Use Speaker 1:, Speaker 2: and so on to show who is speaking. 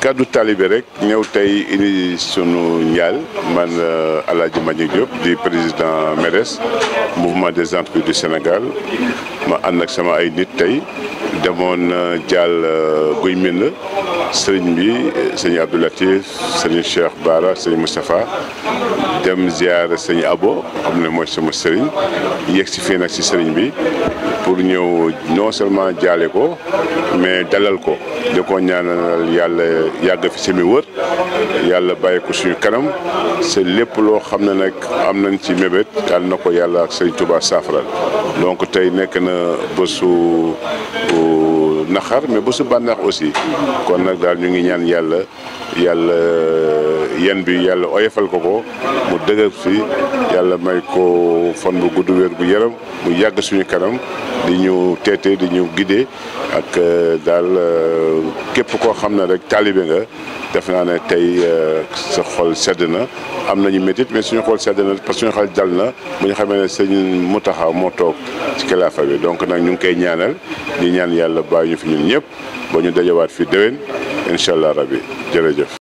Speaker 1: kàddu taalibe rek ñëw tey indi sunu njaal man euh, El Hadj Mbagnick Diop di président MEDES mouvement des entreprises du Sénégal ma ànd ak sama ay nit tey demoon euh, jaal euh, Guy Mbind sëriñ bi sëñ Abdou Latif sëñ Cheikh Bara sëñ Moustapha dem ziar sëñ Abo xam ne mooy sama sëriñ yegg si fii nag si sëriñ bi pour ñëw non seulement jaale ko mais dalal ko di ko ñaanal yàlla yàgg fi si mi wër yàlla bàyyi ko suñu kanam c'est lépp loo xam ne nag am nañ ci mébét daal na ko yàlla ak sëriñ Touba saafara donc tey nekk na bésu. Euh, naqar mais bésu bànneex aussi kon nag daal ñu ngi ñaan yàlla yàlla yan bi yàlla oyofal ko ko mu dëgër si yàlla may ko fon bu gudd wér bu yaram mu yàgg suñu kanam di ñu teete di ñu gidee ak daal képp koo xam ne rek taalibe nga def naa ne tey euh, sa xol sedd na am nañu métit mais suñu xol sedd na parce que suñu xel dal na bu ñu xamee ne sëñ taxaw moo toog ci kilaafa bi donc nag ñu ngi koy ñaanal di ñaan yàlla bàyyi ñu fi ñun ñëpp ba ñu dajawaat fi déwén incha allah rabbi jërëjëf.